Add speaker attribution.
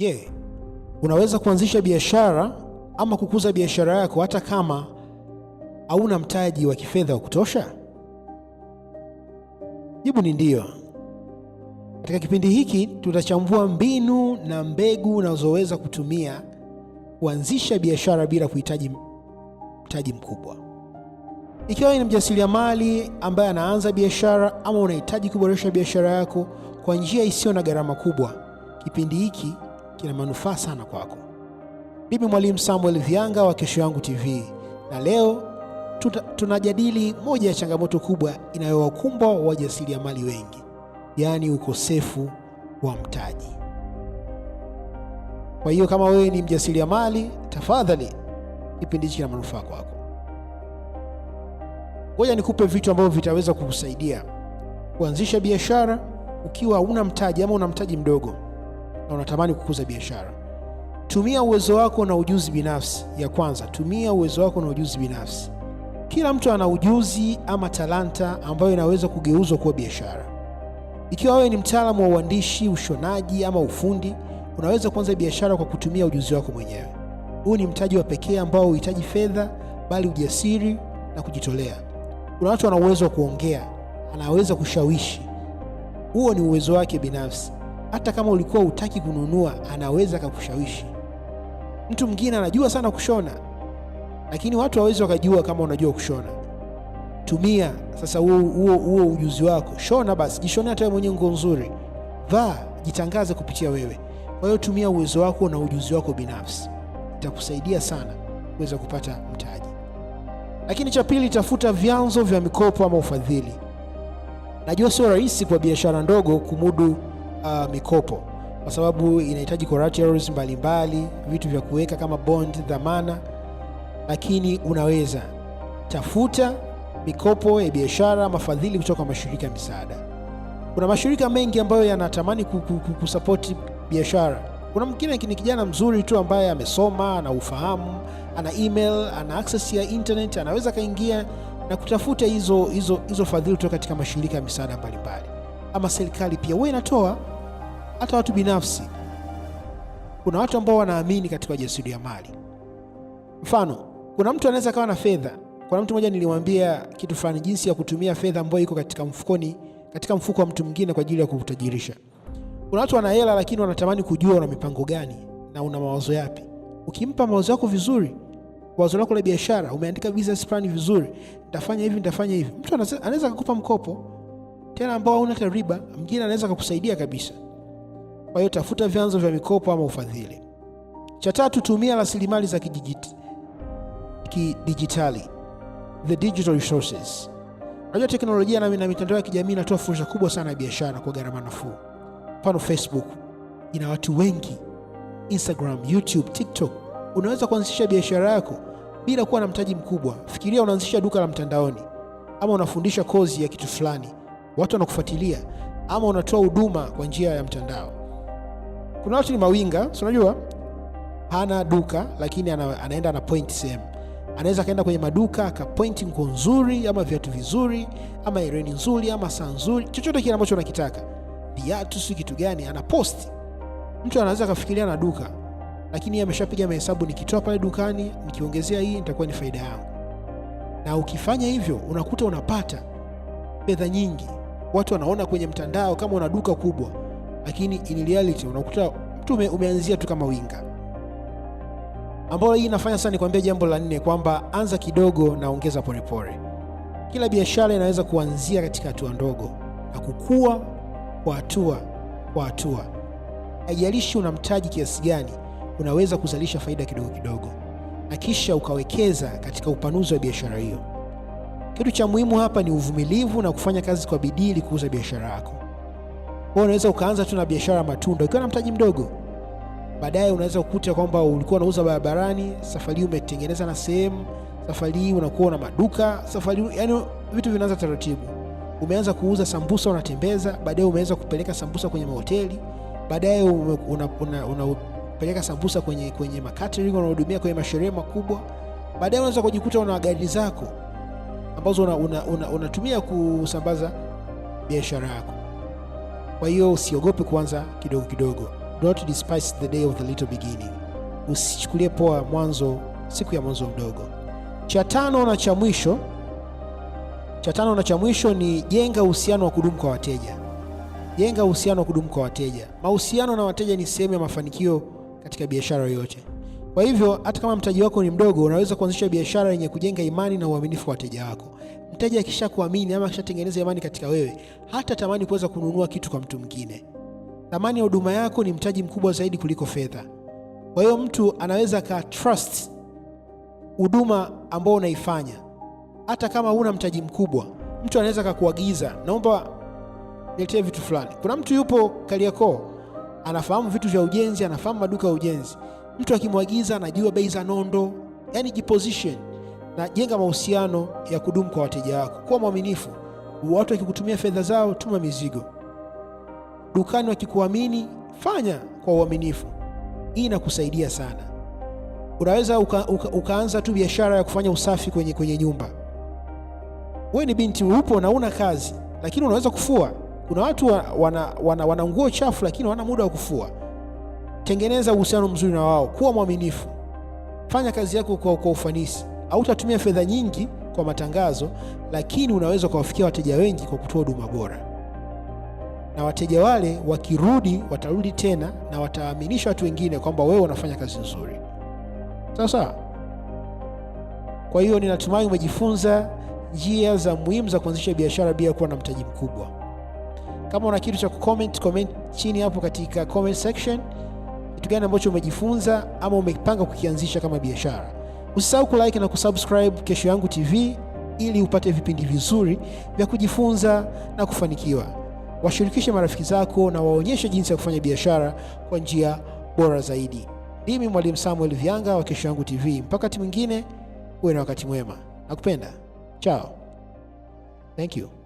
Speaker 1: Je, yeah, unaweza kuanzisha biashara ama kukuza biashara yako hata kama hauna mtaji wa kifedha wa kutosha? Jibu ni ndiyo. Katika kipindi hiki tutachambua mbinu na mbegu unazoweza kutumia kuanzisha biashara bila kuhitaji mtaji mkubwa. Ikiwa ni mjasiriamali ambaye anaanza biashara ama unahitaji kuboresha biashara yako kwa njia isiyo na gharama kubwa, kipindi hiki kina manufaa sana kwako. Mimi Mwalimu Samuel Vianga wa Kesho Yangu TV, na leo tuta, tunajadili moja ya changamoto kubwa inayowakumba wajasiriamali wengi, yaani ukosefu wa mtaji. Kwa hiyo kama wewe ni mjasiriamali, tafadhali kipindi hiki kina manufaa kwako. Ngoja nikupe vitu ambavyo vitaweza kukusaidia kuanzisha biashara ukiwa una mtaji ama una mtaji mdogo na unatamani kukuza biashara. Tumia uwezo wako na ujuzi binafsi. Ya kwanza, tumia uwezo wako na ujuzi binafsi. Kila mtu ana ujuzi ama talanta ambayo inaweza kugeuzwa kuwa biashara. Ikiwa wewe ni mtaalamu wa uandishi, ushonaji ama ufundi, unaweza kuanza biashara kwa kutumia ujuzi wako mwenyewe. Huu ni mtaji wa pekee ambao huhitaji fedha, bali ujasiri na kujitolea. Kuna watu wana uwezo wa kuongea, anaweza kushawishi. Huo ni uwezo wake binafsi hata kama ulikuwa hutaki kununua, anaweza akakushawishi. Mtu mwingine anajua sana kushona, lakini watu hawezi wakajua kama unajua kushona. Tumia sasa huo ujuzi wako, shona basi, jishone hata wewe mwenyewe nguo nzuri, vaa, jitangaze kupitia wewe. Kwa hiyo tumia uwezo wako na ujuzi wako binafsi, itakusaidia sana kuweza kupata mtaji. Lakini cha pili, tafuta vyanzo vya mikopo ama ufadhili. Najua sio rahisi kwa biashara ndogo kumudu uh, mikopo kwa sababu inahitaji collaterals mbalimbali, vitu vya kuweka kama bond, dhamana. Lakini unaweza tafuta mikopo ya biashara, mafadhili kutoka mashirika ya misaada. Kuna mashirika mengi ambayo yanatamani kusapoti biashara. Kuna mwingine ni kijana mzuri tu ambaye amesoma, ana ufahamu, ana email, ana access ya internet, anaweza akaingia na kutafuta hizo hizo hizo fadhili kutoka katika mashirika ya misaada mbalimbali, ama serikali pia wewe inatoa hata watu binafsi. Kuna watu ambao wanaamini katika ujasiriamali. Mfano, kuna mtu anaweza kawa na fedha. Kuna mtu mmoja nilimwambia kitu fulani, jinsi ya kutumia fedha ambayo iko katika mfukoni, katika mfuko wa mtu mwingine kwa ajili ya kutajirisha. Kuna watu wana hela, lakini wanatamani kujua una mipango gani na una mawazo yapi. Ukimpa mawazo yako vizuri, wazo lako la biashara, umeandika business plan vizuri, nitafanya hivi, nitafanya hivi, mtu anaweza kukupa mkopo tena ambao hauna riba. Mwingine anaweza kukusaidia kabisa. Kwa hiyo tafuta vyanzo vya mikopo ama ufadhili. Cha tatu, tumia rasilimali za kidijitali, the digital resources. Unajua teknolojia na mitandao ya kijamii inatoa fursa kubwa sana ya biashara kwa gharama nafuu. Mfano, Facebook ina watu wengi, Instagram, YouTube, TikTok. Unaweza kuanzisha biashara yako bila kuwa na mtaji mkubwa. Fikiria unaanzisha duka la mtandaoni, ama unafundisha kozi ya kitu fulani, watu wanakufuatilia, ama unatoa huduma kwa njia ya mtandao. Kuna watu ni mawinga, si unajua hana duka lakini ana, anaenda na point sehemu. Anaweza akaenda kwenye maduka akapointi nguo nzuri ama viatu vizuri ama hereni nzuri ama saa nzuri, chochote kile ambacho unakitaka, viatu si kitu gani, ana posti. Mtu anaweza akafikiria na duka, lakini yeye ameshapiga mahesabu, nikitoa pale dukani nikiongezea hii nitakuwa ni faida yangu. Na ukifanya hivyo unakuta unapata fedha nyingi. Watu wanaona kwenye mtandao kama una duka kubwa lakini in reality unakuta mtume umeanzia tu kama winga, ambayo hii inafanya sana nikwambie jambo la nne kwamba anza kidogo na ongeza polepole. Kila biashara inaweza kuanzia katika hatua ndogo na kukua kwa hatua kwa hatua. Haijalishi una mtaji kiasi gani, unaweza kuzalisha faida kidogo kidogo na kisha ukawekeza katika upanuzi wa biashara hiyo. Kitu cha muhimu hapa ni uvumilivu na kufanya kazi kwa bidii ili kuuza biashara yako. Kwa unaweza ukaanza tu na biashara ya matunda ukiwa na mtaji mdogo, baadaye unaweza kukuta kwamba ulikuwa unauza barabarani, safari umetengeneza na sehemu, safari unakuwa na maduka, safari yani vitu vinaanza taratibu. Umeanza kuuza sambusa, unatembeza, baadaye umeanza kupeleka sambusa kwenye mahoteli, baadaye unapeleka una, una sambusa kwenye, kwenye makatering, unahudumia kwenye masherehe makubwa, baadaye unaweza kujikuta una gari zako ambazo unatumia una, una, una kusambaza biashara yako. Kwa hiyo usiogope kuanza kidogo kidogo. Don't despise the day of the little beginning. Usichukulie poa mwanzo, siku ya mwanzo mdogo. Cha tano na cha mwisho, cha tano na cha mwisho ni jenga uhusiano wa kudumu kwa wateja. Jenga uhusiano wa kudumu kwa wateja. Mahusiano na wateja ni sehemu ya mafanikio katika biashara yoyote. Kwa hivyo hata kama mtaji wako ni mdogo, unaweza kuanzisha biashara yenye kujenga imani na uaminifu wa wateja wako mteja akisha kuamini ama akishatengeneza imani katika wewe, hata tamani kuweza kununua kitu kwa mtu mwingine. Thamani ya huduma yako ni mtaji mkubwa zaidi kuliko fedha. Kwa hiyo mtu anaweza ka trust huduma ambao unaifanya hata kama huna mtaji mkubwa. Mtu anaweza kakuagiza, naomba niletee vitu fulani. Kuna mtu yupo Kariakoo, anafahamu vitu vya ujenzi, anafahamu maduka ya ujenzi. Mtu akimwagiza anajua bei za nondo, yani jiposition na jenga mahusiano ya kudumu kwa wateja wako. Kuwa mwaminifu. Watu wakikutumia fedha zao, tuma mizigo. Dukani wakikuamini, fanya kwa uaminifu. Hii inakusaidia sana. Unaweza uka, uka, ukaanza tu biashara ya kufanya usafi kwenye, kwenye nyumba. Wewe ni binti, upo na una kazi, lakini unaweza kufua. Kuna watu wana, wana, wana nguo chafu, lakini wana muda wa kufua. Tengeneza uhusiano mzuri na wao, kuwa mwaminifu, fanya kazi yako kwa, kwa ufanisi hautatumia fedha nyingi kwa matangazo, lakini unaweza ukawafikia wateja wengi kwa kutoa huduma bora, na wateja wale wakirudi, watarudi tena na wataaminisha watu wengine kwamba wewe unafanya kazi nzuri. sasa Kwa hiyo ninatumai umejifunza njia za muhimu za kuanzisha biashara bila kuwa na mtaji mkubwa. Kama una kitu cha kucomment, comment chini hapo katika comment section, kitu gani ambacho umejifunza ama umepanga kukianzisha kama biashara. Usisahau kulike na kusubscribe Kesho Yangu TV ili upate vipindi vizuri vya kujifunza na kufanikiwa. Washirikishe marafiki zako na waonyeshe jinsi ya kufanya biashara kwa njia bora zaidi. Mimi Mwalimu Samuel Vianga wa Kesho Yangu TV. Mpaka wakati mwingine, uwe na wakati mwema. Nakupenda. Chao. Thank you.